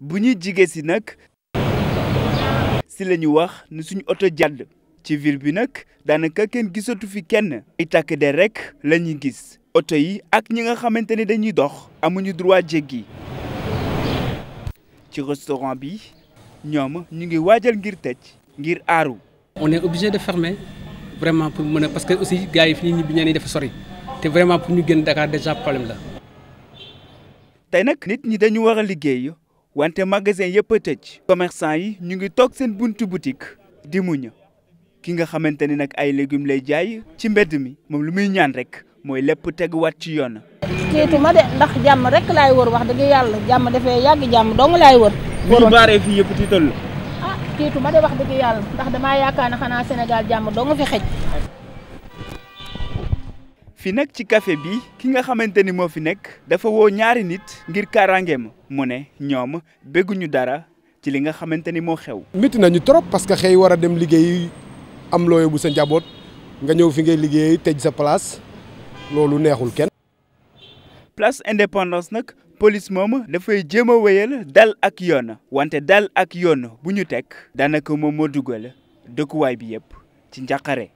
bu ñuy jige si nag si la ñu wax ni suñu oto jàdd ci ville bi nag daanaka kenn gisatu fi kenn ay takk der rek la ñuy gis oto yi ak ñi nga xamante ne dañuy dox amuñu droit jéggi ci restaurant bi ñoom ñu ngi waajal ngir tëj ngir aaru on est obligé de fermer vraiment pour mën a parce que aussi gars yi fi ñibbi ñeneen ñi dafa sori te vraiment pour ñu génn Dakar déjà problème la tey nag nit ñi dañu war a wante magasin yëpp a yi ñu ngi toog seen buntu boutique di muñ ki nga xamante ni nag ay légumes lay jaay ci mbedd mi moom lu muy ñaan rek mooy lépp teguwaat ci yoon. tiitu de ndax jàmm rek laay wër wax dëgg yàlla jàmm dafee yàgg jàmm dong laay wër. wër ñu baaree fii yëpp tiital la. ah tiitu ma de wax dëgg yàlla ndax damaa yaakaar ne xanaa Sénégal jàmm dong fi fii nag ci kafe bi ki nga xamante ni moo fi nekk dafa woo ñaari nit ngir kaaraangeem mu ne ñoom bëgguñu dara ci li nga xamante ni moo xew. métti nañu trop parce que xëy war a dem liggéey am looyo bu sa njaboot nga ñëw fi ngay liggéey tej sa place loolu neexul kenn. place indépendance nag police moom dafay jéem a wéyal dal ak yoon wante dal ak yoon bu ñu teg daanaka moom moo dugal dëkkuwaay bi yëpp ci njàqare.